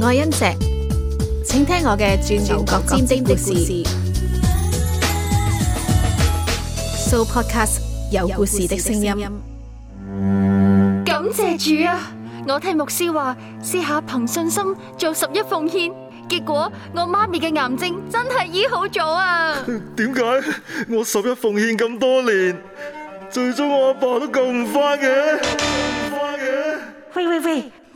我係恩石，請聽我嘅轉角尖釘的故事。數 Podcast 有故事的聲音。感謝主啊！我聽牧師話，試下憑信心做十一奉獻，結果我媽咪嘅癌症真係醫好咗啊！點解我十一奉獻咁多年，最終我阿爸都救唔翻嘅？救唔翻嘅？喂喂喂！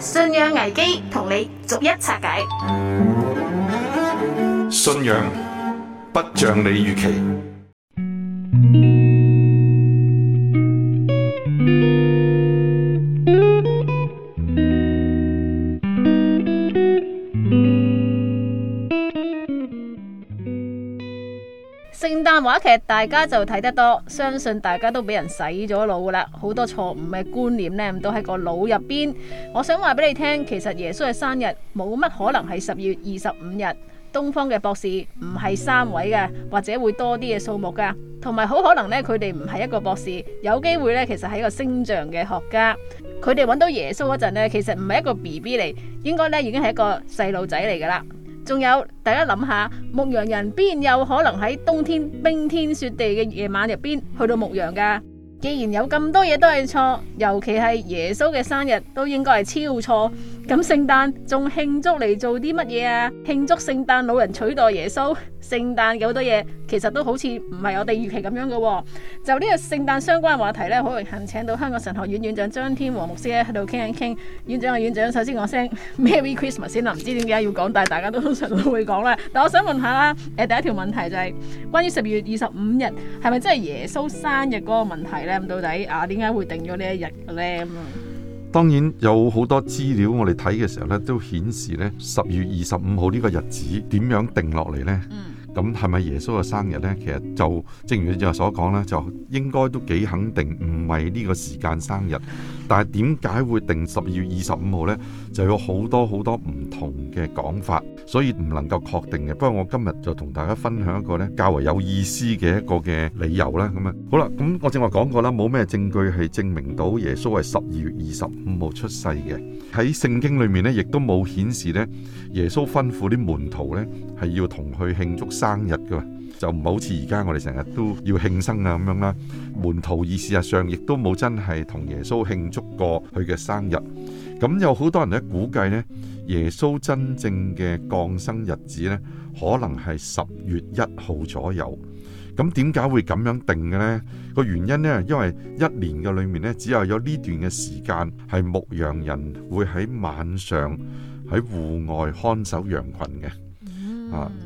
信仰危機，同你逐一拆解。信仰不像你預期。聖誕話劇大家就睇得多，相信大家都俾人洗咗腦噶啦，好多錯誤嘅觀念呢都喺個腦入邊。我想話俾你聽，其實耶穌嘅生日冇乜可能係十二月二十五日。東方嘅博士唔係三位嘅，或者會多啲嘅數目噶，同埋好可能呢，佢哋唔係一個博士，有機會呢其實係一個星象嘅學家。佢哋揾到耶穌嗰陣呢，其實唔係一個 B B 嚟，應該呢已經係一個細路仔嚟噶啦。仲有，大家諗下，牧羊人邊有可能喺冬天冰天雪地嘅夜晚入邊去到牧羊㗎？既然有咁多嘢都係錯，尤其係耶穌嘅生日，都應該係超錯。咁聖誕仲慶祝嚟做啲乜嘢啊？慶祝聖誕老人取代耶穌，聖誕有好多嘢其實都好似唔係我哋預期咁樣嘅。就呢個聖誕相關話題咧，好榮幸請到香港神學院院長張天和牧師咧喺度傾一傾。院長啊，院長，首先我聲 Merry Christmas 先啦，唔知點解要講，但係大家都通常都會講啦。但係我想問下啦，誒第一條問題就係關於十二月二十五日係咪真係耶穌生日嗰個問題咧？咁到底啊點解會定咗呢一日嘅咧？咁啊？當然有好多資料，我哋睇嘅時候咧，都顯示咧十月二十五號呢個日子點樣定落嚟咧？咁係咪耶穌嘅生日呢？其實就正如你話所講咧，就應該都幾肯定，唔係呢個時間生日。但係點解會定十二月二十五號呢？就有好多好多唔同嘅講法，所以唔能夠確定嘅。不過我今日就同大家分享一個呢較為有意思嘅一個嘅理由啦。咁樣好啦，咁我正話講過啦，冇咩證據係證明到耶穌係十二月二十五號出世嘅。喺聖經裏面呢，亦都冇顯示呢，耶穌吩咐啲門徒呢，係要同佢慶祝生日噶。就唔係好似而家我哋成日都要慶生啊咁樣啦，門徒意事實上亦都冇真係同耶穌慶祝過佢嘅生日。咁有好多人咧估計咧，耶穌真正嘅降生日子咧，可能係十月一號左右。咁點解會咁樣定嘅咧？個原因咧，因為一年嘅裏面咧，只係有呢段嘅時間係牧羊人會喺晚上喺戶外看守羊群嘅。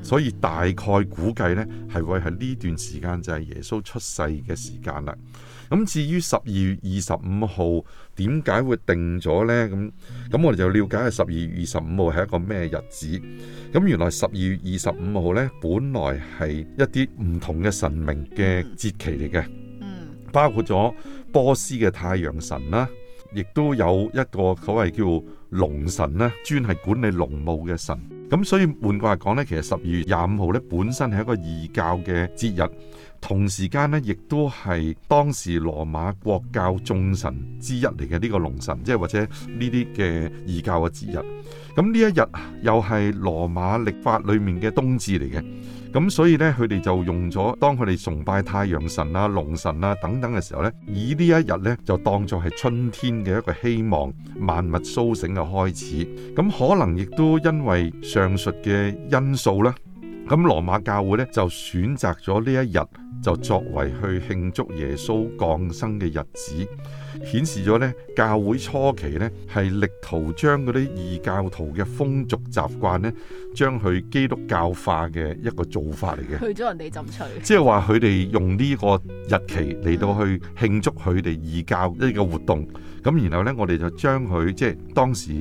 所以大概估計呢，係會喺呢段時間就係、是、耶穌出世嘅時間啦。咁至於十二月二十五號點解會定咗呢？咁咁我哋就了解下十二月二十五號係一個咩日子？咁原來十二月二十五號呢，本來係一啲唔同嘅神明嘅節期嚟嘅，包括咗波斯嘅太陽神啦，亦都有一個所謂叫農神啦，專係管理農務嘅神。咁所以換句話講咧，其實十二月廿五號咧本身係一個異教嘅節日，同時間咧亦都係當時羅馬國教眾神之一嚟嘅呢個龍神，即係或者呢啲嘅異教嘅節日。咁呢一日又係羅馬歷法裏面嘅冬至嚟嘅。咁所以咧，佢哋就用咗當佢哋崇拜太陽神啊、龍神啊等等嘅時候咧，以呢一日咧就當作係春天嘅一個希望、萬物蘇醒嘅開始。咁可能亦都因為上述嘅因素啦，咁羅馬教會咧就選擇咗呢一日就作為去慶祝耶穌降生嘅日子。顯示咗咧，教會初期咧係力圖將嗰啲異教徒嘅風俗習慣咧，將佢基督教化嘅一個做法嚟嘅，去咗人哋浸取，即係話佢哋用呢個日期嚟到去慶祝佢哋異教一個活動。咁然後咧，我哋就將佢即係當時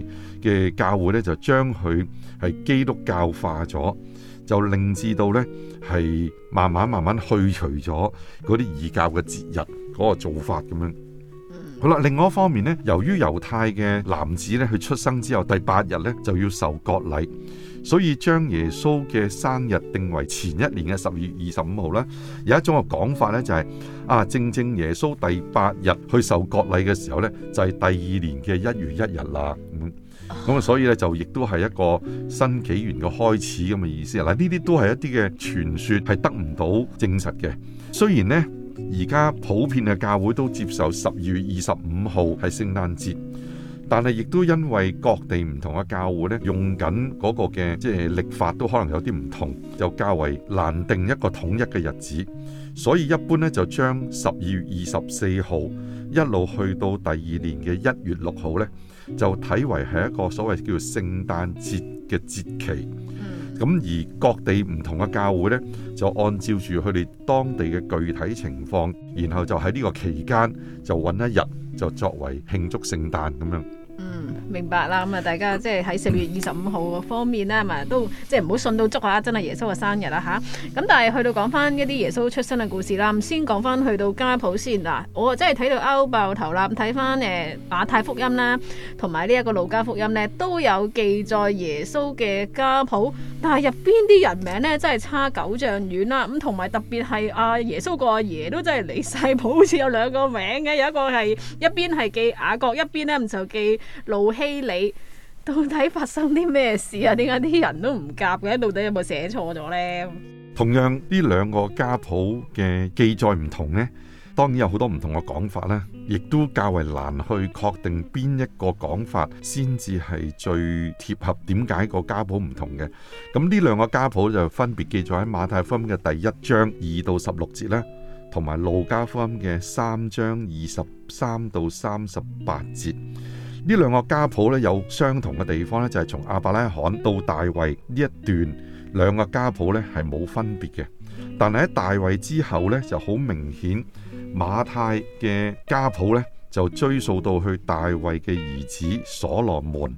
嘅教會咧，就將佢係基督教化咗，就令至到咧係慢慢慢慢去除咗嗰啲異教嘅節日嗰個做法咁樣。好啦，另外一方面咧，由於猶太嘅男子咧，佢出生之後第八日咧就要受割禮，所以將耶穌嘅生日定為前一年嘅十二月二十五號啦。有一種嘅講法咧、就是，就係啊，正正耶穌第八日去受割禮嘅時候咧，就係、是、第二年嘅一月一日啦。咁咁啊，所以咧就亦都係一個新紀元嘅開始咁嘅意思。嗱，呢啲都係一啲嘅傳説，係得唔到證實嘅。雖然咧，而家普遍嘅教會都接受十二月二十五號係聖誕節，但係亦都因為各地唔同嘅教會呢，用緊嗰個嘅即係曆法都可能有啲唔同，就較為難定一個統一嘅日子，所以一般呢，就將十二月二十四號一路去到第二年嘅一月六號呢，就睇為係一個所謂叫做聖誕節嘅節期。咁而各地唔同嘅教會呢，就按照住佢哋當地嘅具體情況，然後就喺呢個期間就揾一日就作為慶祝聖誕咁樣。嗯，明白啦。咁啊，大家即係喺四月二十五號方面啦，咪都即係唔好信到足啊。真係耶穌嘅生日啦吓。咁但係去到講翻一啲耶穌出生嘅故事啦，先講翻去到家譜先嗱。我真係睇到拗爆頭啦。咁睇翻誒馬太福音啦，同埋呢一個路加福音呢，都有記載耶穌嘅家譜。但係入邊啲人名呢，真係差九丈遠啦。咁同埋特別係阿耶穌個阿爺都真係離譜，好似有兩個名嘅，有一個係一邊係記雅各，一邊呢唔就記。盧希裡到底發生啲咩事啊？點解啲人都唔夾嘅？到底有冇寫錯咗呢？同樣呢兩個家譜嘅記載唔同呢，當然有好多唔同嘅講法啦，亦都較為難去確定邊一個講法先至係最貼合點解個家譜唔同嘅。咁呢兩個家譜就分別記載喺馬太福音嘅第一章二到十六節啦，同埋路加福音嘅三章二十三到三十八節。呢兩個家譜咧有相同嘅地方咧，就係從亞伯拉罕到大衛呢一段兩個家譜咧係冇分別嘅。但係喺大衛之後咧就好明顯，馬太嘅家譜咧就追溯到去大衛嘅兒子所羅門，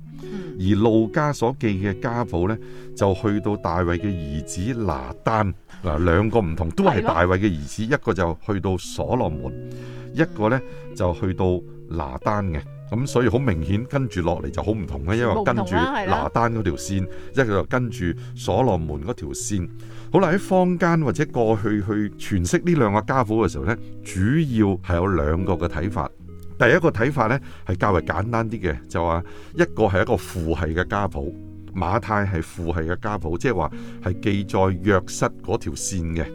而路加所記嘅家譜咧就去到大衛嘅兒子拿單。嗱，兩個唔同，都係大衛嘅兒子，一個就去到所羅門，一個咧就去到拿單嘅。咁所以好明顯跟住落嚟就好唔同咧，因為跟住拿單嗰條線，一個就跟住所羅門嗰條線。好啦，喺坊間或者過去去詮釋呢兩個家譜嘅時候呢，主要係有兩個嘅睇法。第一個睇法呢，係較為簡單啲嘅，就話一個係一個父系嘅家譜，馬太係父系嘅家譜，即係話係記載約瑟嗰條線嘅。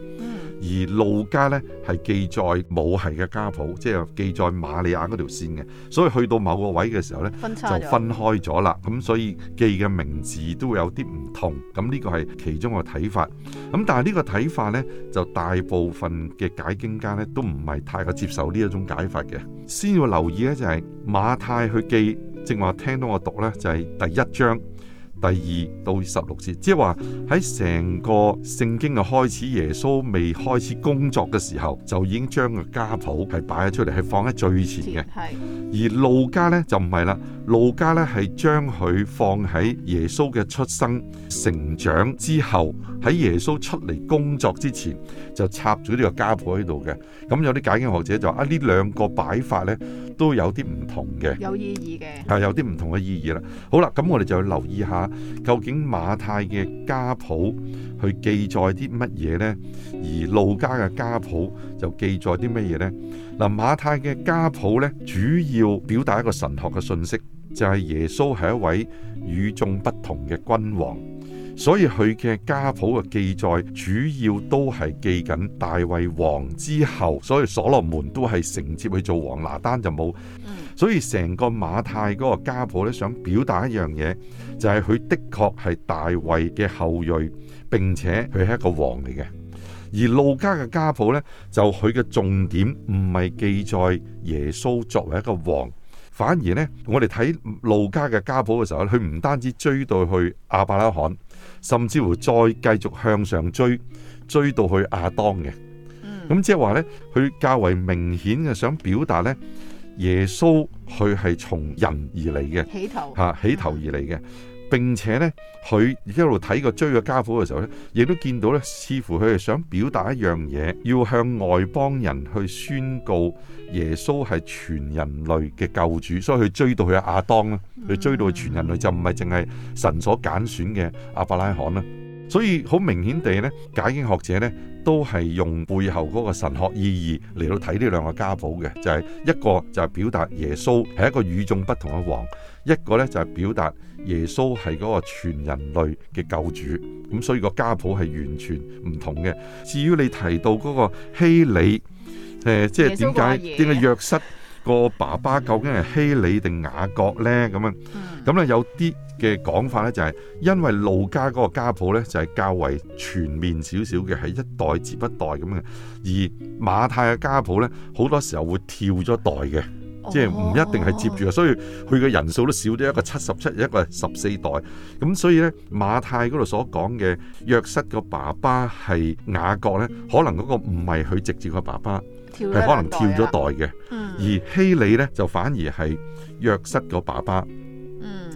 而路加呢係記載母系嘅家譜，即、就、係、是、記載瑪利亞嗰條線嘅，所以去到某個位嘅時候呢，分就分開咗啦。咁所以記嘅名字都會有啲唔同。咁呢個係其中一個睇法。咁但係呢個睇法呢，就大部分嘅解經家呢都唔係太過接受呢一種解法嘅。先要留意呢，就係馬太去記，正話聽到我讀呢，就係第一章。第二到十六節，即係話，喺成個聖經嘅開始，耶穌未開始工作嘅時候，就已經將個家譜係擺咗出嚟，係放喺最前嘅。係而路加呢，就唔係啦，路加呢，係將佢放喺耶穌嘅出生、成長之後，喺耶穌出嚟工作之前就插咗呢個家譜喺度嘅。咁有啲解經學者就話啊，呢兩個擺法呢。」都有啲唔同嘅，有意義嘅，係有啲唔同嘅意義啦。好啦，咁我哋就要留意下，究竟馬太嘅家譜去記載啲乜嘢呢？而路加嘅家譜就記載啲乜嘢呢？嗱，馬太嘅家譜呢，主要表達一個神學嘅信息，就係耶穌係一位與眾不同嘅君王。所以佢嘅家譜嘅記載主要都係記緊大衛王之後，所以所羅門都係承接去做王，拿單就冇。所以成個馬太嗰個家譜咧，想表達一樣嘢，就係佢的確係大衛嘅後裔，並且佢係一個王嚟嘅。而路加嘅家譜呢，就佢嘅重點唔係記載耶穌作為一個王，反而呢，我哋睇路加嘅家譜嘅時候，佢唔單止追到去亞伯拉罕。甚至乎再繼續向上追，追到去亞當嘅，咁、嗯、即係話呢，佢較為明顯嘅想表達呢：耶穌佢係從人而嚟嘅起頭、啊，起頭嚇起頭而嚟嘅。嗯。並且呢，佢一路睇個追個家伙嘅時候呢，亦都見到呢，似乎佢係想表達一樣嘢，要向外邦人去宣告耶穌係全人類嘅救主，所以佢追到佢亞當啦，佢追到全人類就唔係淨係神所揀選嘅亞伯拉罕啦。所以好明顯地咧，解經學者咧都係用背後嗰個神學意義嚟到睇呢兩個家譜嘅，就係、是、一個就係表達耶穌係一個與眾不同嘅王，一個咧就係表達耶穌係嗰個全人類嘅救主。咁所以個家譜係完全唔同嘅。至於你提到嗰個希里，誒即係點解點解約失？個爸爸究竟係希里定雅各呢？咁樣，咁咧有啲嘅講法呢，就係因為路加嗰個家譜呢，就係較為全面少少嘅，係一代接一代咁嘅，而馬太嘅家譜呢，好多時候會跳咗代嘅，即係唔一定係接住，所以佢嘅人數都少咗一個七十七，一個十四代，咁所以呢，馬太嗰度所講嘅約瑟個爸爸係雅各呢，可能嗰個唔係佢直接個爸爸。係、啊嗯、可能跳咗代嘅，而希里呢就反而係約瑟個爸爸。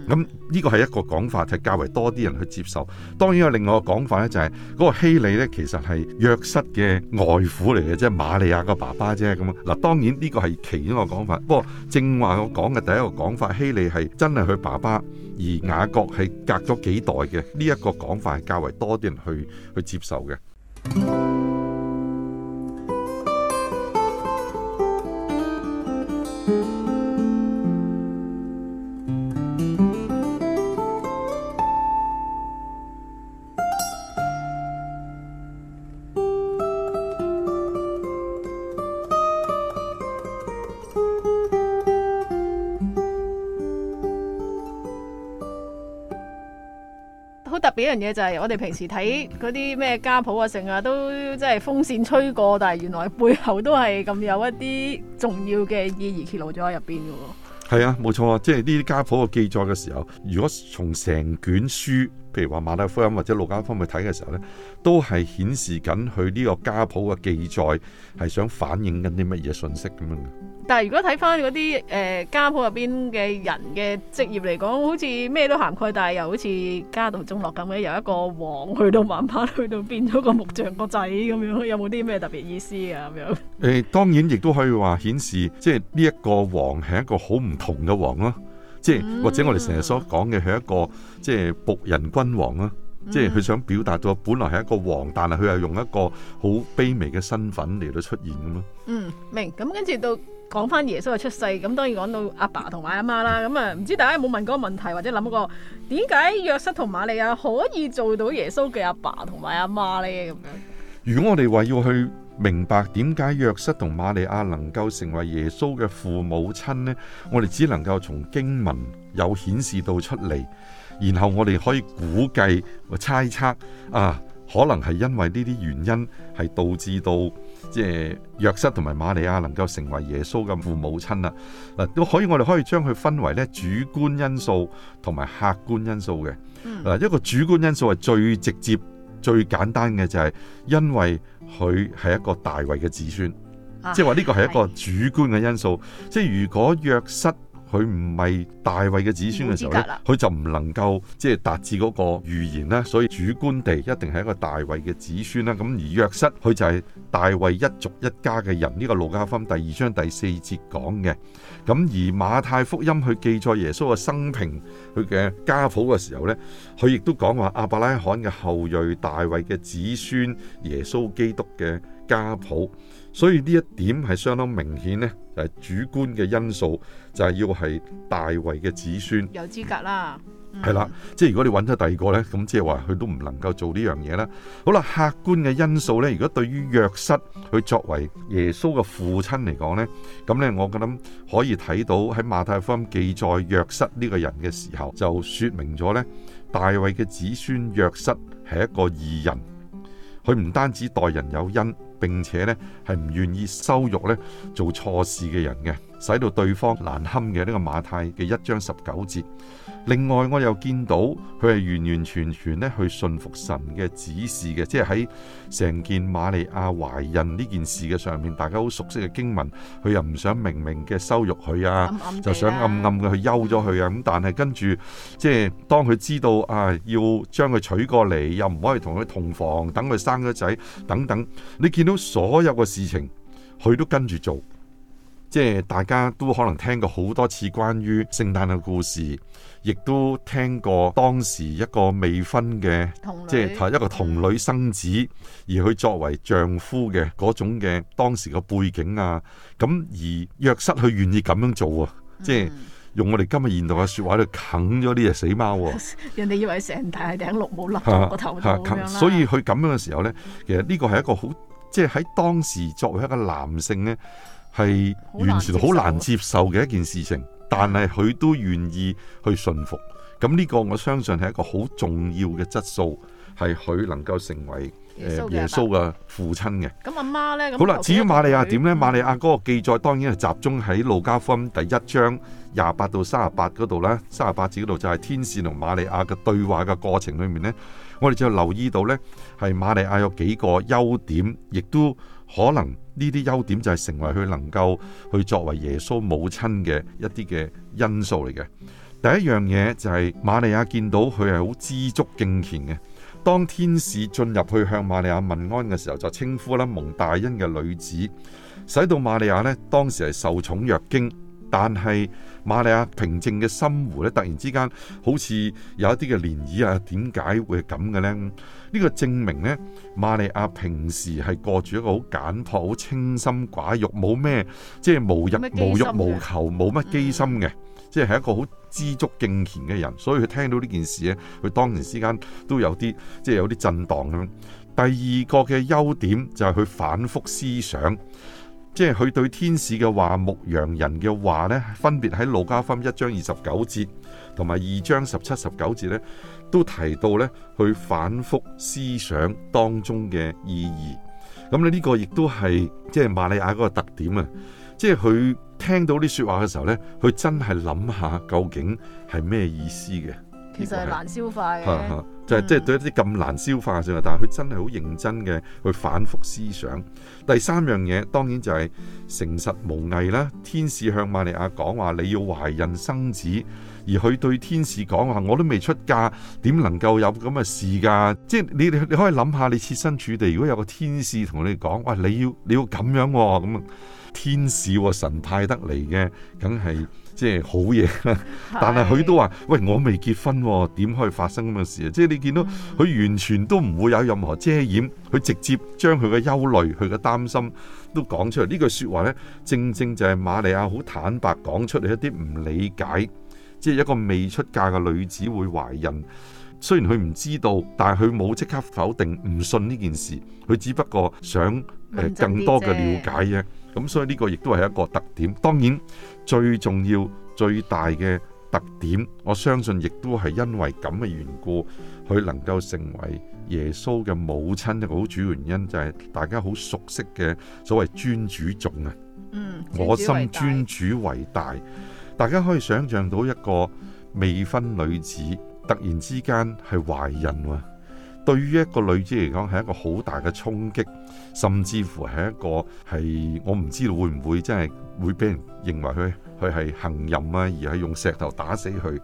咁呢個係一個講法，就是、較為多啲人去接受。當然有另外一個講法呢就係、是、嗰、那個希里呢其實係約瑟嘅外父嚟嘅，即係瑪利亞個爸爸啫。咁嗱，當然呢個係其中一個講法。不過正話我講嘅第一個講法，希里係真係佢爸爸，而雅各係隔咗幾代嘅。呢、這、一個講法係較為多啲人去去接受嘅。呢樣嘢就係我哋平時睇嗰啲咩家譜啊，成啊，都即係風扇吹過，但係原來背後都係咁有一啲重要嘅意義揭露咗喺入邊嘅。係啊，冇錯啊，即係呢啲家譜嘅記載嘅時候，如果從成卷書，譬如話馬太福音或者路加福音去睇嘅時候咧，都係顯示緊佢呢個家譜嘅記載係想反映緊啲乜嘢信息咁樣。但係如果睇翻嗰啲誒家譜入邊嘅人嘅職業嚟講，好似咩都涵蓋，但係又好似家道中落咁嘅，由一個王去到慢慢，去到變咗個木匠個仔咁樣，有冇啲咩特別意思啊？咁樣誒、欸，當然亦都可以話顯示，即係呢一個王係一個好唔同嘅王咯，即係或者我哋成日所講嘅係一個即係僕人君王咯，嗯、即係佢想表達到本來係一個王，但係佢係用一個好卑微嘅身份嚟到出現咁咯。嗯，明。咁跟住到。講翻耶穌嘅出世，咁當然講到阿爸同埋阿媽啦。咁啊，唔知大家有冇問過嗰個問題，或者諗過點解約瑟同瑪利亞可以做到耶穌嘅阿爸同埋阿媽呢？咁樣，如果我哋話要去明白點解約瑟同瑪利亞能夠成為耶穌嘅父母親呢，我哋只能夠從經文有顯示到出嚟，然後我哋可以估計和猜測啊，可能係因為呢啲原因係導致到。即係約瑟同埋瑪利亞能夠成為耶穌嘅父母親啦，嗱都可以我哋可以將佢分為咧主觀因素同埋客觀因素嘅。嗱、嗯、一個主觀因素係最直接、最簡單嘅就係因為佢係一個大衛嘅子孫，啊、即係話呢個係一個主觀嘅因素。是即係如果約瑟佢唔係大衛嘅子孫嘅時候呢，佢、嗯、就唔能夠即係、就是、達至嗰個預言啦。所以主觀地一定係一個大衛嘅子孫啦。咁而約瑟佢就係大衛一族一家嘅人，呢、這個路加福音第二章第四節講嘅。咁而馬太福音去記載耶穌嘅生平佢嘅家譜嘅時候呢，佢亦都講話亞伯拉罕嘅後裔，大衛嘅子孫，耶穌基督嘅家譜，所以呢一點係相當明顯呢主觀嘅因素就係要係大衛嘅子孫有資格啦，係啦的，嗯、即係如果你揾咗第二個呢，咁即係話佢都唔能夠做呢樣嘢啦。好啦，客觀嘅因素呢，如果對於約瑟佢作為耶穌嘅父親嚟講呢，咁呢，我諗可以睇到喺馬太福音記載約瑟呢個人嘅時候，就說明咗呢，大衛嘅子孫約瑟係一個義人。佢唔單止待人有恩，並且呢，係唔願意羞辱呢做錯事嘅人嘅，使到對方難堪嘅，呢個馬太嘅一章十九節。另外，我又見到佢係完完全全咧去信服神嘅指示嘅，即係喺成件馬利亞懷孕呢件事嘅上面，大家好熟悉嘅經文，佢又唔想明明嘅羞辱佢啊，暗暗就想暗暗嘅去休咗佢啊。咁但係跟住，即係當佢知道啊，要將佢娶過嚟，又唔可以同佢同房，等佢生咗仔等等，你見到所有嘅事情，佢都跟住做。即係大家都可能聽過好多次關於聖誕嘅故事，亦都聽過當時一個未婚嘅，同女、即係一個童女生子，嗯、而去作為丈夫嘅嗰種嘅當時嘅背景啊，咁而約瑟佢願意咁樣做啊，嗯、即係用我哋今日現代嘅說話嚟啃咗呢隻死貓啊！人哋以為成大頂綠帽笠喺個頭、啊啊、所以佢咁樣嘅時候咧，嗯、其實呢個係一個好，即係喺當時作為一個男性咧。係完全好難接受嘅一件事情，很的但係佢都願意去順服。咁呢個我相信係一個好重要嘅質素，係佢、嗯、能夠成為耶穌嘅父親嘅。咁阿媽呢？咁好啦。至於瑪利亞點呢？瑪、嗯、利亞嗰個記載當然係集中喺路加福音第一章廿八到三十八嗰度啦。三十八字嗰度就係天使同瑪利亞嘅對話嘅過程裏面呢。我哋就留意到呢，係瑪利亞有幾個優點，亦都可能。呢啲優點就係成為佢能夠去作為耶穌母親嘅一啲嘅因素嚟嘅。第一樣嘢就係瑪利亞見到佢係好知足敬虔嘅。當天使進入去向瑪利亞問安嘅時候，就稱呼啦，蒙大恩嘅女子，使到瑪利亞呢，當時係受寵若驚。但係瑪利亞平靜嘅心湖咧，突然之間好似有一啲嘅漣漪啊！點解會係咁嘅咧？呢、呢個證明咧，瑪利亞平時係過住一個好簡朴、好清心寡欲、冇咩即係無,無欲無求、冇乜機心嘅，嗯、即係係一個好知足敬虔嘅人。所以佢聽到呢件事咧，佢當年之間都有啲即係有啲震盪咁。第二個嘅優點就係佢反覆思想。即係佢對天使嘅話、牧羊人嘅話呢，分別喺路加福音一章二十九節同埋二章十七十九節呢，都提到呢，去反覆思想當中嘅意義。咁呢個亦都係即係瑪利亞嗰個特點啊！嗯嗯、即係佢聽到啲說話嘅時候呢，佢真係諗下究竟係咩意思嘅？其實係難消化嘅就係即係對一啲咁難消化嘅，但係佢真係好認真嘅去反覆思想。第三樣嘢當然就係誠實無偽啦。天使向瑪利亞講話，你要懷孕生子，而佢對天使講話，我都未出嫁，點能夠有咁嘅事㗎？即係你你可以諗下，你設身處地，如果有個天使同你講，喂、哎，你要你要咁樣喎，咁天使神派得嚟嘅，梗係。即係好嘢，但係佢都話：喂，我未結婚喎，點可以發生咁嘅事啊？即係你見到佢完全都唔會有任何遮掩，佢直接將佢嘅憂慮、佢嘅擔心都講出嚟。呢句説話呢，正正就係瑪利亞好坦白講出嚟一啲唔理解，即係一個未出嫁嘅女子會懷孕。雖然佢唔知道，但係佢冇即刻否定、唔信呢件事。佢只不過想更多嘅了解啫。咁所以呢個亦都係一個特點。當然。最重要，最大嘅特點，我相信亦都係因為咁嘅緣故，佢能夠成為耶穌嘅母親一個好主要原因，就係大家好熟悉嘅所謂尊主頌啊，我心尊主為大，大家可以想象到一個未婚女子突然之間係懷孕對於一個女子嚟講，係一個好大嘅衝擊，甚至乎係一個係我唔知道會唔會真係會俾人認為佢佢係行淫啊，而係用石頭打死佢。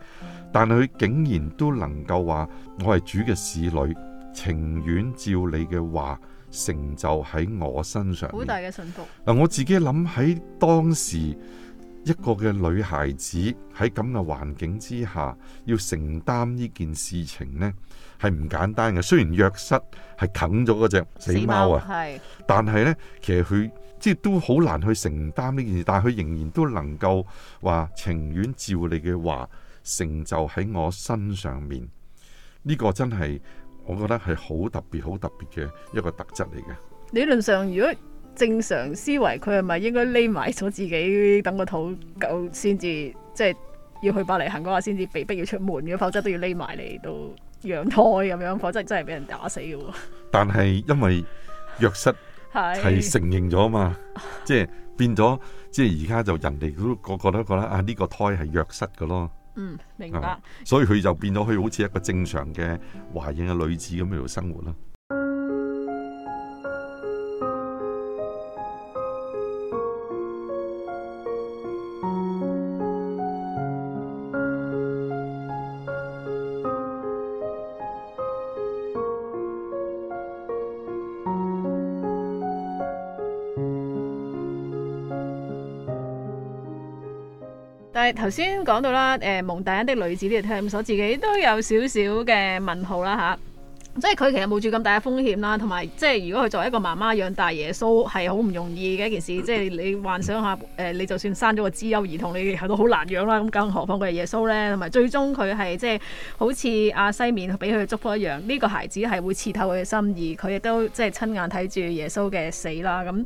但係佢竟然都能夠話：我係主嘅侍女，情願照你嘅話成就喺我身上。好大嘅信服。嗱，我自己諗喺當時一個嘅女孩子喺咁嘅環境之下，要承擔呢件事情呢。係唔簡單嘅。雖然藥室係啃咗嗰隻死貓啊，是貓是但係呢，其實佢即係都好難去承擔呢件事。但係佢仍然都能夠話情願照你嘅話成就喺我身上面呢、呢個真係我覺得係好特別好特別嘅一個特質嚟嘅。理論上，如果正常思維，佢係咪應該匿埋咗自己，等個肚夠先至，即係、就是、要去伯利恆嗰下，先至被逼要出門？如果否則都要匿埋你都。養胎咁樣，否則真係俾人打死嘅。但係因為弱失係承認咗嘛，是即係變咗，即係而家就人哋都個個都覺得覺得啊呢個胎係弱失嘅咯。嗯，明白。啊、所以佢就變咗，佢好似一個正常嘅懷孕嘅女子咁喺度生活咯。頭先講到啦，誒、呃、蒙大恩的女子呢，他們所自己都有少少嘅問號啦吓、啊，即係佢其實冒住咁大嘅風險啦，同埋即係如果佢作為一個媽媽養大耶穌係好唔容易嘅一件事，即係你幻想下，誒、呃、你就算生咗個資優兒童，你係都好難養啦，咁更何況佢係耶穌咧，同埋最終佢係即係好似阿西面俾佢祝福一樣，呢、這個孩子係會刺透佢嘅心意，佢亦都即係親眼睇住耶穌嘅死啦，咁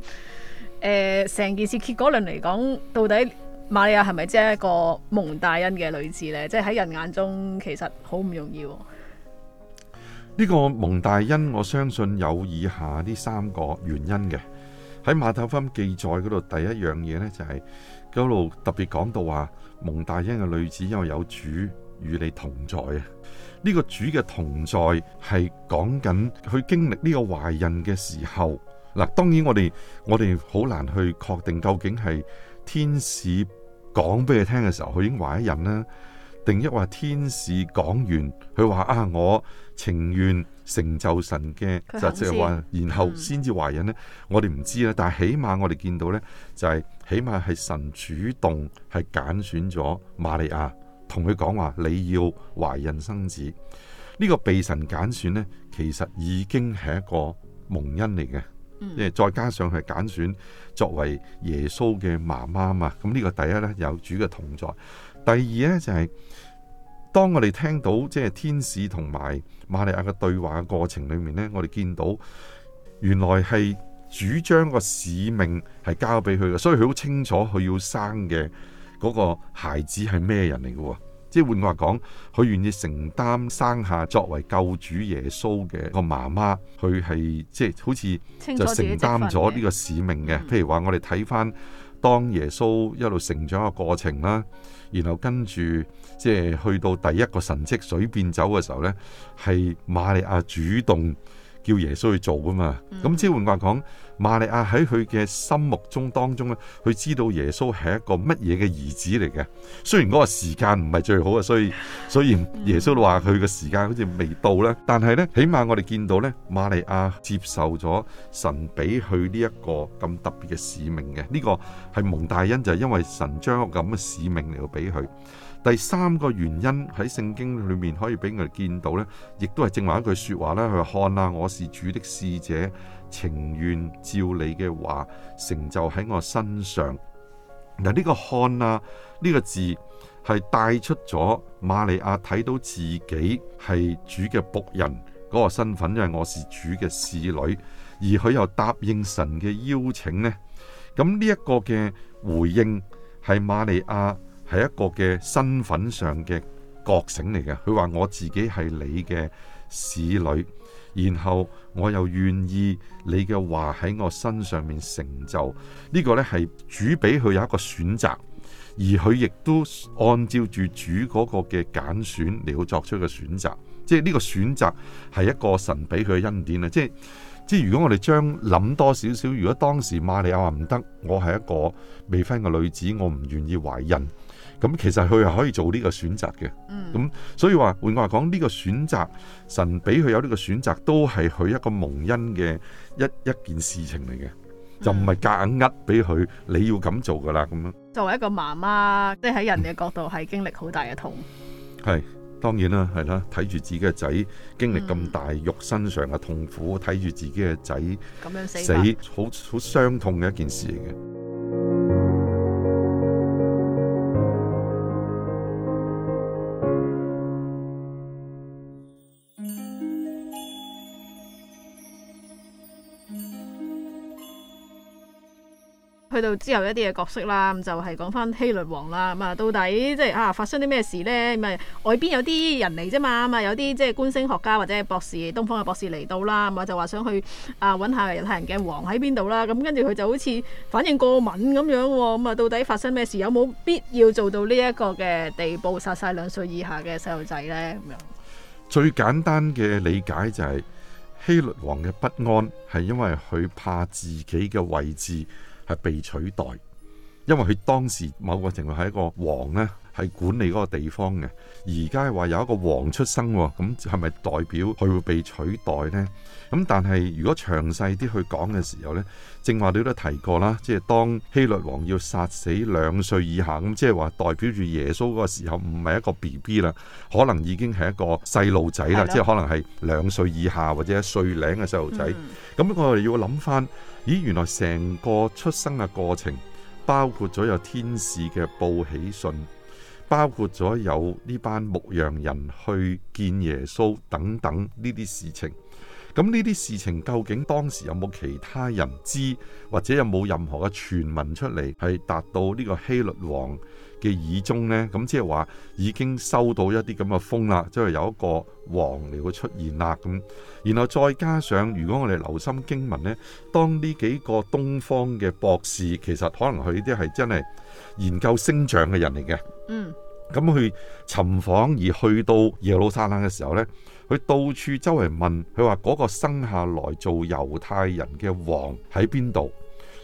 誒成件事結果論嚟講，到底？瑪利亞係咪只係一個蒙大恩嘅女子呢？即係喺人眼中，其實好唔容易，啊。呢個蒙大恩，我相信有以下呢三個原因嘅。喺馬太福音記載嗰度，第一樣嘢呢就係嗰度特別講到話，蒙大恩嘅女子因為有主與你同在啊。呢個主嘅同在係講緊佢經歷呢個懷孕嘅時候。嗱，當然我哋我哋好難去確定究竟係天使。講俾佢聽嘅時候，佢已經懷孕啦。定一話天使講完，佢話啊，我情願成就神嘅，就即係話，然後先至懷孕呢，嗯、我哋唔知啦，但係起碼我哋見到呢，就係、是、起碼係神主動係揀選咗瑪利亞，同佢講話你要懷孕生子。呢、這個被神揀選呢，其實已經係一個蒙恩嚟嘅。即再加上係揀選作為耶穌嘅媽媽嘛，咁呢個第一呢，有主嘅同在，第二呢，就係、是、當我哋聽到即係天使同埋瑪利亞嘅對話嘅過程裏面呢，我哋見到原來係主將個使命係交俾佢嘅，所以佢好清楚佢要生嘅嗰個孩子係咩人嚟嘅。即係換話講，佢願意承擔生下作為救主耶穌嘅個媽媽，佢係即係好似就承擔咗呢個使命嘅。譬如話我哋睇翻當耶穌一路成長嘅過程啦，然後跟住即係去到第一個神跡水變酒嘅時候呢，係瑪利亞主動叫耶穌去做噶嘛。咁即係換話講。瑪利亞喺佢嘅心目中當中咧，佢知道耶穌係一個乜嘢嘅兒子嚟嘅。雖然嗰個時間唔係最好啊，所以雖然耶穌話佢嘅時間好似未到咧，但係咧，起碼我哋見到咧，瑪利亞接受咗神俾佢呢一個咁特別嘅使命嘅。呢個係蒙大恩，就係因為神將咁嘅使命嚟到俾佢。第三個原因喺聖經裏面可以俾我哋見到咧，亦都係正話一句説話咧，佢話看啊，我是主的使者，情願照你嘅話成就喺我身上。嗱，呢個漢啊，呢、這個字係帶出咗瑪利亞睇到自己係主嘅僕人嗰個身份，因、就、為、是、我是主嘅侍女。而佢又答應神嘅邀請呢。咁呢一個嘅回應係瑪利亞係一個嘅身份上嘅覺醒嚟嘅。佢話我自己係你嘅。使女，然後我又願意你嘅話喺我身上面成就呢、呢個呢係主俾佢有一個選擇，而佢亦都按照住主嗰個嘅揀選嚟去作出嘅選擇，即係呢個選擇係一個神俾佢嘅恩典啊！即係即係如果我哋將諗多少少，如果當時瑪利亞話唔得，我係一個未婚嘅女子，我唔願意懷孕。咁其實佢係可以做呢個選擇嘅，咁、嗯、所以話換句話講，呢、這個選擇神俾佢有呢個選擇，都係佢一個蒙恩嘅一一件事情嚟嘅，嗯、就唔係夾硬扼俾佢，你要咁做噶啦咁樣。作為一個媽媽，即係喺人嘅角度係經歷好大嘅痛。係、嗯、當然啦，係啦，睇住自己嘅仔經歷咁大、嗯、肉身上嘅痛苦，睇住自己嘅仔咁樣死，死，好好傷痛嘅一件事嚟嘅。去到之後一啲嘅角色啦，咁就係講翻希律王啦。咁啊，到底即係啊發生啲咩事呢？咁啊，外邊有啲人嚟啫嘛，啊有啲即係觀星學家或者博士，東方嘅博士嚟到啦，咁啊就話想去啊搵下猶太人嘅王喺邊度啦。咁跟住佢就好似反應過敏咁樣，喔，咁啊到底發生咩事？有冇必要做到呢一個嘅地步，殺晒兩歲以下嘅細路仔呢？咁樣最簡單嘅理解就係、是、希律王嘅不安係因為佢怕自己嘅位置，係被取代，因為佢當時某個程度係一個王呢，係管理嗰個地方嘅。而家話有一個王出生，咁係咪代表佢會被取代呢？咁但係如果詳細啲去講嘅時候呢，正話你都提過啦，即係當希律王要殺死兩歲以下，咁即係話代表住耶穌嗰個時候唔係一個 BB 啦，可能已經係一個細路仔啦，了即係可能係兩歲以下或者一歲零嘅細路仔。咁、嗯、我哋要諗翻。咦，原來成個出生嘅過程，包括咗有天使嘅報喜信，包括咗有呢班牧羊人去見耶穌等等呢啲事情。咁呢啲事情究竟當時有冇其他人知，或者有冇任何嘅傳聞出嚟，係達到呢個希律王嘅耳中呢，咁即係話已經收到一啲咁嘅風啦，即係有一個王嚟嘅出現啦咁。然後再加上，如果我哋留心經文呢，當呢幾個東方嘅博士其實可能佢呢啲係真係研究星象嘅人嚟嘅。嗯，咁去尋訪而去到耶路撒冷嘅時候呢，佢到處周圍問，佢話嗰個生下來做猶太人嘅王喺邊度？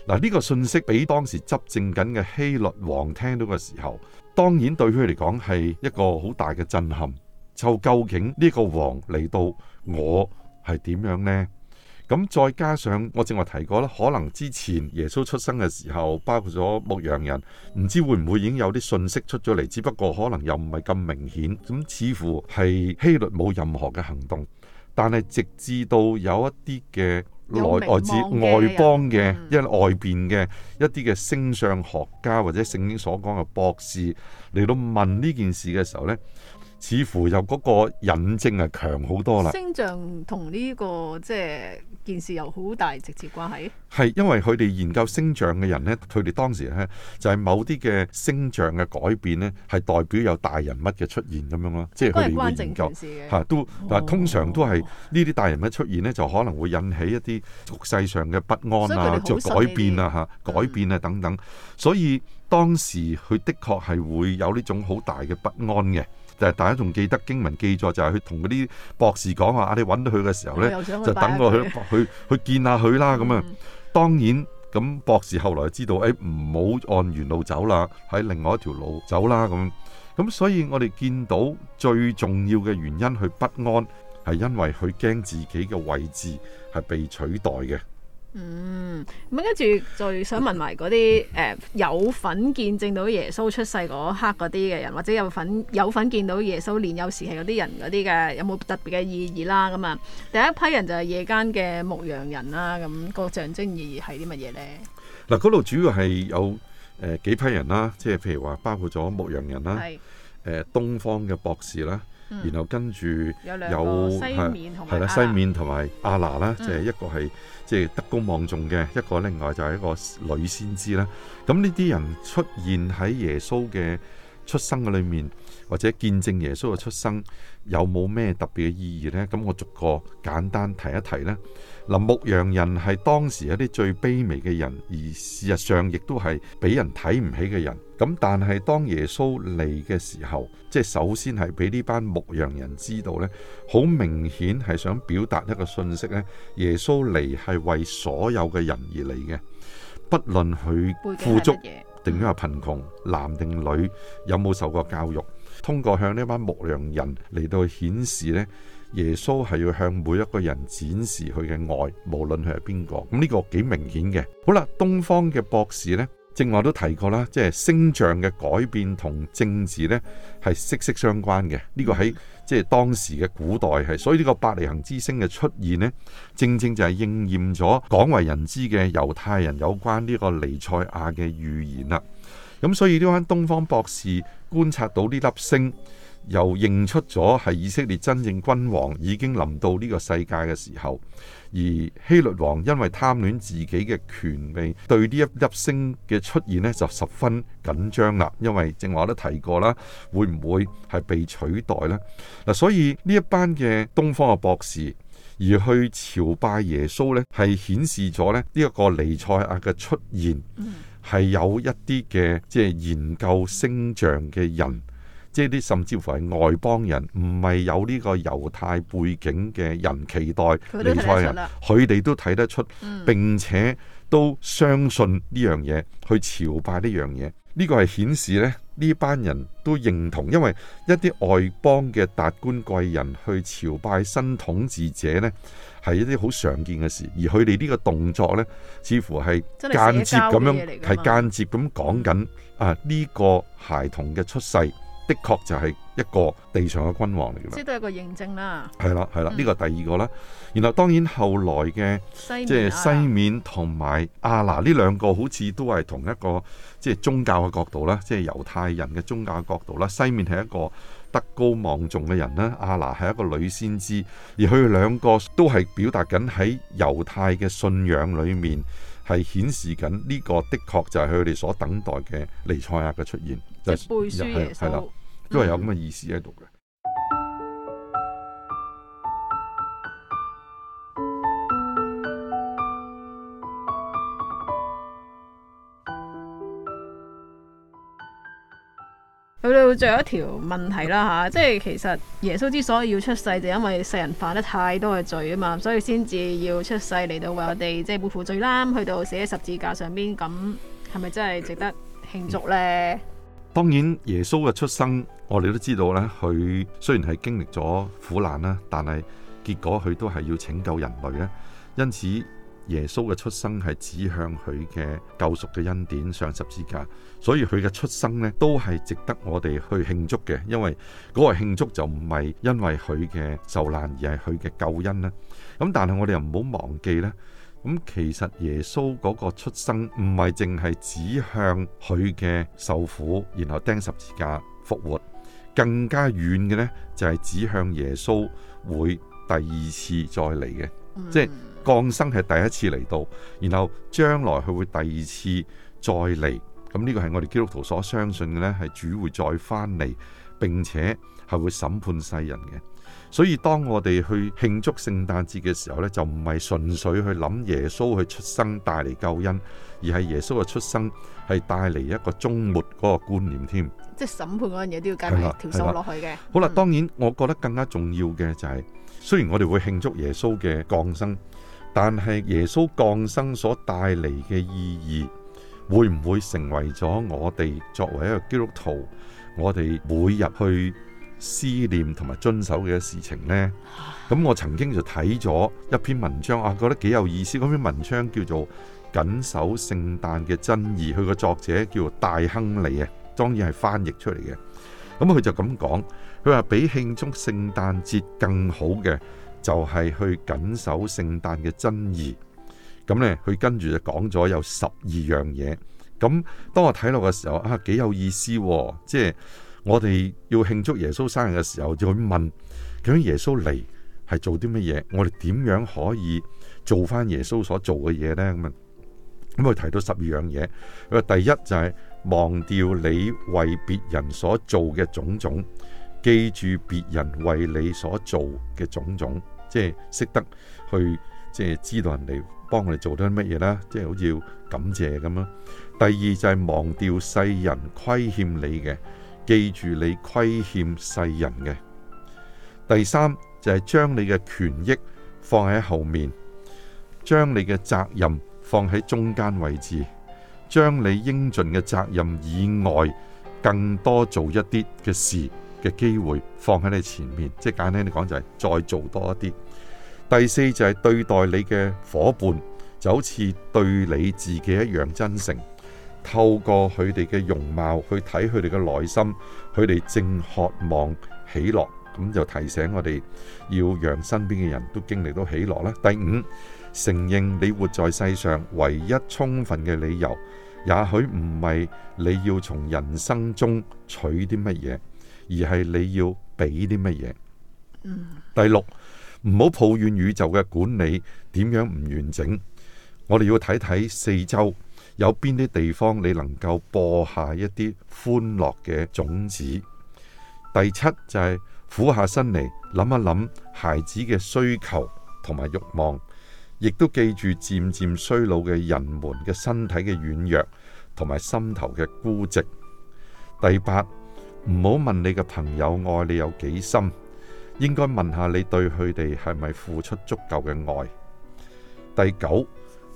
嗱，呢個信息俾當時執政緊嘅希律王聽到嘅時候，當然對佢嚟講係一個好大嘅震撼。就究竟呢個王嚟到，我係點樣呢？咁再加上我正話提過啦，可能之前耶穌出生嘅時候，包括咗牧羊人，唔知會唔會已經有啲信息出咗嚟，只不過可能又唔係咁明顯。咁似乎係希律冇任何嘅行動，但係直至到有一啲嘅。來來自外邦嘅，因為外邊嘅一啲嘅星相學家或者聖經所講嘅博士嚟到問呢件事嘅時候呢。似乎又嗰個引證係強好多啦。星象同呢個即係件事有好大直接關係，係因為佢哋研究星象嘅人咧，佢哋當時咧就係某啲嘅星象嘅改變咧，係代表有大人物嘅出現咁樣咯。即係佢哋會研究關正、啊、都嗱，通常都係呢啲大人物出現咧，就可能會引起一啲局勢上嘅不安啊，就改變啊吓改、啊、改變啊等等。所以當時佢的確係會有呢種好大嘅不安嘅。就係大家仲記得經文記載，就係佢同嗰啲博士講話，啊，你揾到佢嘅時候呢，就等我去去去見下佢啦咁啊。當然咁博士後來就知道，誒唔好按原路走啦，喺另外一條路走啦咁。咁所以我哋見到最重要嘅原因，佢不安係因為佢驚自己嘅位置係被取代嘅。嗯，咁跟住就想問埋嗰啲誒有份見證到耶穌出世嗰刻嗰啲嘅人，或者有份有份見到耶穌年幼時期嗰啲人嗰啲嘅，有冇特別嘅意義啦？咁、嗯、啊，第一批人就係夜間嘅牧羊人啦，咁、嗯、那個象徵意義係啲乜嘢咧？嗱、啊，嗰度主要係有誒、呃、幾批人啦，即係譬如話包括咗牧羊人啦，係誒是、呃、東方嘅博士啦。然後跟住有、嗯、有西面同埋阿拿啦，即係、嗯、一個係即係德高望重嘅，一個另外就係一個女先知啦。咁呢啲人出現喺耶穌嘅出生嘅裏面，或者見證耶穌嘅出生，有冇咩特別嘅意義呢？咁我逐個簡單提一提呢。嗱，牧羊人係當時一啲最卑微嘅人，而事實上亦都係俾人睇唔起嘅人。咁但係當耶穌嚟嘅時候，即係首先係俾呢班牧羊人知道呢，好明顯係想表達一個信息呢，耶穌嚟係為所有嘅人而嚟嘅，不論佢富足定抑係貧窮，男定女，有冇受過教育，通過向呢班牧羊人嚟到顯示呢。耶穌係要向每一個人展示佢嘅愛，無論佢係邊個。咁呢個幾明顯嘅。好啦，東方嘅博士呢，正話都提過啦，即係星象嘅改變同政治呢係息息相關嘅。呢個喺即係當時嘅古代係，所以呢個百利行之星嘅出現呢，正正就係應驗咗廣為人知嘅猶太人有關呢個彌賽亞嘅預言啦。咁所以呢班東方博士觀察到呢粒星。又認出咗係以色列真正君王已經臨到呢個世界嘅時候，而希律王因為貪戀自己嘅權利，對呢一粒星嘅出現呢就十分緊張喇，因為正話我都提過啦，會唔會係被取代呢？嗱，所以呢一班嘅東方嘅博士而去朝拜耶穌呢，係顯示咗呢呢一個彌賽亞嘅出現係有一啲嘅即係研究星象嘅人。即係啲甚至乎係外邦人，唔係有呢個猶太背景嘅人期待彌賽亞人，佢哋都睇得，得出，嗯、並且都相信呢樣嘢去朝拜呢樣嘢。呢、呢個係顯示呢，呢班人都認同，因為一啲外邦嘅達官貴人去朝拜新統治者呢係一啲好常見嘅事。而佢哋呢個動作呢似乎係間接咁樣係間接咁講緊啊呢個孩童嘅出世。的確就係一個地上嘅君王嚟嘅，呢都一個認證啦。係啦，係啦，呢個、嗯、第二個啦。然後當然，後來嘅西即係西面同埋亞拿呢兩個，好似都係同一個即係、就是、宗教嘅角度啦，即、就、係、是、猶太人嘅宗教角度啦。西面係一個德高望重嘅人啦，亞拿係一個女先知，而佢哋兩個都係表達緊喺猶太嘅信仰裏面，係顯示緊呢個的確就係佢哋所等待嘅尼賽亞嘅出現。即背書耶穌，都係有咁嘅意思喺度嘅。去、嗯、到最後一條問題啦，吓、啊，即係其實耶穌之所以要出世，就因為世人犯得太多嘅罪啊嘛，所以先至要出世嚟到為我哋即係背負罪啦。去到死喺十字架上邊，咁係咪真係值得慶祝咧？嗯當然耶穌嘅出生，我哋都知道咧。佢雖然係經歷咗苦難啦，但係結果佢都係要拯救人類咧。因此耶穌嘅出生係指向佢嘅救贖嘅恩典，上十字架。所以佢嘅出生咧都係值得我哋去慶祝嘅，因為嗰個慶祝就唔係因為佢嘅受難，而係佢嘅救恩啦。咁但係我哋又唔好忘記咧。咁其實耶穌嗰個出生唔係淨係指向佢嘅受苦，然後釘十字架復活，更加遠嘅呢，就係指向耶穌會第二次再嚟嘅，嗯、即係降生係第一次嚟到，然後將來佢會第二次再嚟，咁、這、呢個係我哋基督徒所相信嘅，呢係主會再翻嚟，並且係會審判世人嘅。所以當我哋去慶祝聖誕節嘅時候呢，就唔係純粹去諗耶穌去出生帶嚟救恩，而係耶穌嘅出生係帶嚟一個終末嗰個觀念添。即係審判嗰樣嘢都要加埋條手落去嘅。好啦，當然我覺得更加重要嘅就係，雖然我哋會慶祝耶穌嘅降生，但係耶穌降生所帶嚟嘅意義，會唔會成為咗我哋作為一個基督徒，我哋每日去思念同埋遵守嘅事情呢，咁我曾經就睇咗一篇文章啊，覺得幾有意思。嗰篇文章叫做《謹守聖誕嘅真義》，佢個作者叫做大亨利啊，當然係翻譯出嚟嘅。咁佢就咁講，佢話比慶祝聖誕節更好嘅，就係去謹守聖誕嘅真義。咁呢，佢跟住就講咗有十二樣嘢。咁當我睇落嘅時候啊，幾有意思，啊，即係。我哋要慶祝耶穌生日嘅時候，就去問究竟耶穌嚟係做啲乜嘢？我哋點樣可以做翻耶穌所做嘅嘢呢？咁啊，咁佢提到十二樣嘢。佢話第一就係忘掉你為別人所做嘅種種，記住別人為你所做嘅種種，即係識得去即係知道人哋幫我哋做咗啲乜嘢啦，即係好似要感謝咁樣。第二就係忘掉世人虧欠你嘅。記住你虧欠世人嘅，第三就係、是、將你嘅權益放喺後面，將你嘅責任放喺中間位置，將你應盡嘅責任以外，更多做一啲嘅事嘅機會放喺你前面，即、就、係、是、簡單啲講就係再做多一啲。第四就係、是、對待你嘅伙伴，就好似對你自己一樣真誠。透過佢哋嘅容貌去睇佢哋嘅內心，佢哋正渴望喜樂，咁就提醒我哋要讓身邊嘅人都經歷到喜樂啦。第五，承認你活在世上唯一充分嘅理由，也許唔係你要從人生中取啲乜嘢，而係你要俾啲乜嘢。第六，唔好抱怨宇宙嘅管理點樣唔完整，我哋要睇睇四周。有邊啲地方你能夠播下一啲歡樂嘅種子？第七，就係俯下身嚟諗一諗孩子嘅需求同埋欲望，亦都記住漸漸衰老嘅人們嘅身體嘅軟弱同埋心頭嘅孤寂。第八，唔好問你嘅朋友愛你有幾深，應該問下你對佢哋係咪付出足夠嘅愛。第九。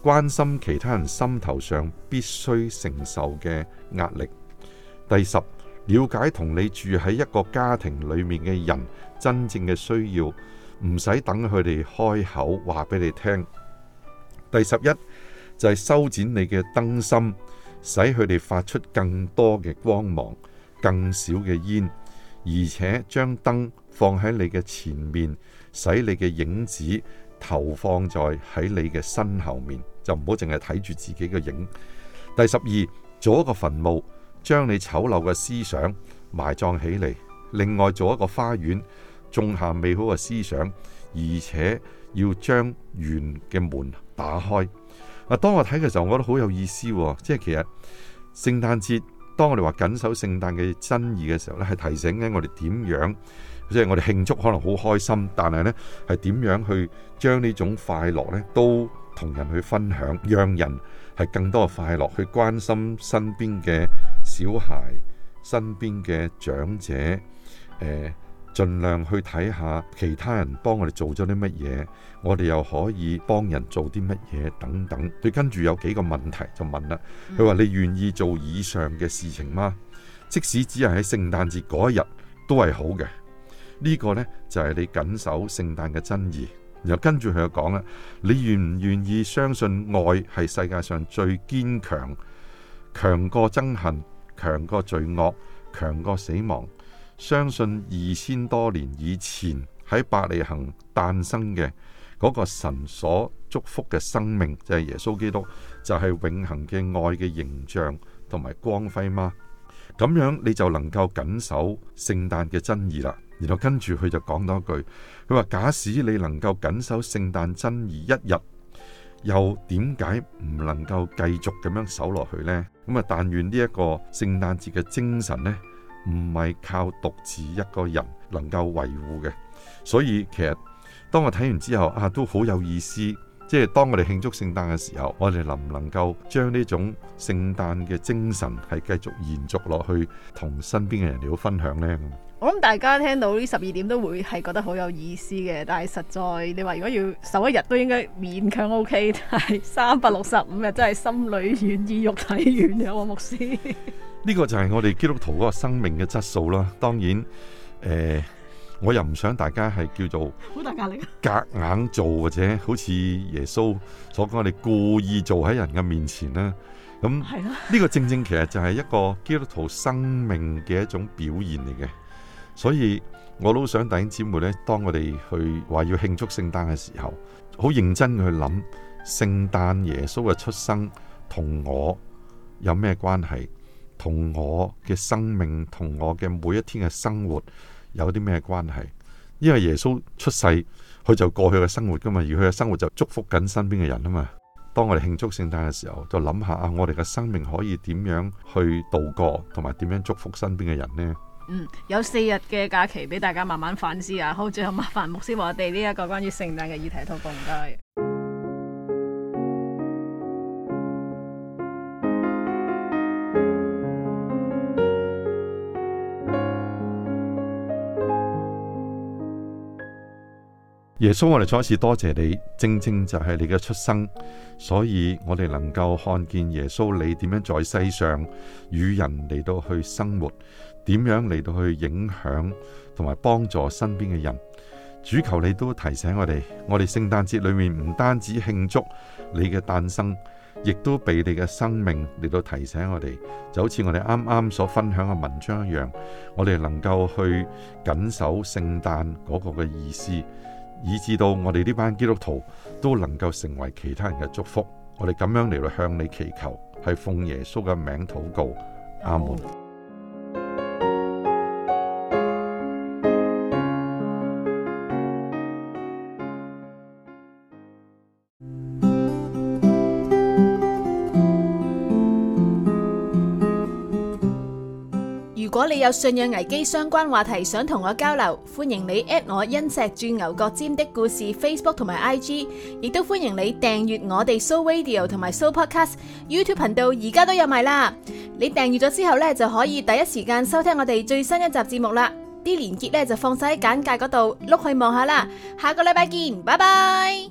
關心其他人心頭上必須承受嘅壓力。第十，了解同你住喺一個家庭裏面嘅人真正嘅需要，唔使等佢哋開口話俾你聽。第十一，就係修剪你嘅燈芯，使佢哋發出更多嘅光芒，更少嘅煙，而且將燈放喺你嘅前面，使你嘅影子。投放在喺你嘅身後面，就唔好淨係睇住自己嘅影。第十二，做一個墳墓，將你醜陋嘅思想埋葬起嚟；另外做一個花園，種下美好嘅思想，而且要將園嘅門打開。啊，當我睇嘅時候，我覺得好有意思。即係其實聖誕節，當我哋話緊守聖誕嘅真義嘅時候呢，係提醒緊我哋點樣。即係我哋慶祝，可能好開心，但係呢係點樣去將呢種快樂呢，都同人去分享，讓人係更多嘅快樂去關心身邊嘅小孩、身邊嘅長者。誒、呃，盡量去睇下其他人幫我哋做咗啲乜嘢，我哋又可以幫人做啲乜嘢等等。佢跟住有幾個問題就問啦，佢話你願意做以上嘅事情嗎？即使只係喺聖誕節嗰一日都係好嘅。呢個呢，就係你緊守聖誕嘅真義。然後跟住佢又講啦，你願唔願意相信愛係世界上最堅強，強過憎恨，強過罪惡，強過死亡？相信二千多年以前喺伯利恆誕生嘅嗰個神所祝福嘅生命，就係、是、耶穌基督，就係、是、永恆嘅愛嘅形象同埋光輝嗎？咁樣你就能夠緊守聖誕嘅真義啦。然後跟住佢就講多句，佢話：假使你能夠緊守聖誕真義一日，又點解唔能夠繼續咁樣守落去呢？咁啊，但願呢一個聖誕節嘅精神呢，唔係靠獨自一個人能夠維護嘅。所以其實當我睇完之後啊，都好有意思。即係當我哋慶祝聖誕嘅時候，我哋能唔能夠將呢種聖誕嘅精神係繼續延續落去，同身邊嘅人哋分享呢？我諗大家聽到呢十二點都會係覺得好有意思嘅，但係實在你話如果要守一日都應該勉強 OK，但係三百六十五日真係心裏願意肉體願意嘅，我牧師呢個就係我哋基督徒嗰個生命嘅質素啦。當然，誒、呃、我又唔想大家係叫做好大壓力，夾硬做或者好似耶穌所講，我哋故意做喺人嘅面前啦。咁呢個正正其實就係一個基督徒生命嘅一種表現嚟嘅。所以我都想弟兄姊妹咧，當我哋去話要慶祝聖誕嘅時候，好認真去諗聖誕耶穌嘅出生同我有咩關係，同我嘅生命同我嘅每一天嘅生活有啲咩關係？因為耶穌出世，佢就過去嘅生活噶嘛，而佢嘅生活就祝福緊身邊嘅人啊嘛。當我哋慶祝聖誕嘅時候，就諗下啊，我哋嘅生命可以點樣去度過，同埋點樣祝福身邊嘅人呢？嗯，有四日嘅假期俾大家慢慢反思啊！好，最後麻煩牧師和我哋呢一個關於聖誕嘅議題，禱告唔該。耶穌，我哋再一次多謝你，正正就係你嘅出生，所以我哋能夠看見耶穌，你點樣在世上與人嚟到去生活。點樣嚟到去影響同埋幫助身邊嘅人？主求你都提醒我哋，我哋聖誕節裏面唔單止慶祝你嘅誕生，亦都被你嘅生命嚟到提醒我哋。就好似我哋啱啱所分享嘅文章一樣，我哋能夠去緊守聖誕嗰個嘅意思，以至到我哋呢班基督徒都能夠成為其他人嘅祝福。我哋咁樣嚟到向你祈求，係奉耶穌嘅名禱告。阿門。有信仰危機相關話題想同我交流，歡迎你 at 我因石鑽牛角尖的故事 Facebook 同埋 IG，亦都歡迎你訂閱我哋 Show Radio 同埋 Show Podcast YouTube 頻道，而家都有埋啦。你訂閱咗之後呢，就可以第一時間收聽我哋最新一集節目啦。啲連結呢，就放晒喺簡介嗰度，碌去望下啦。下個禮拜見，拜拜。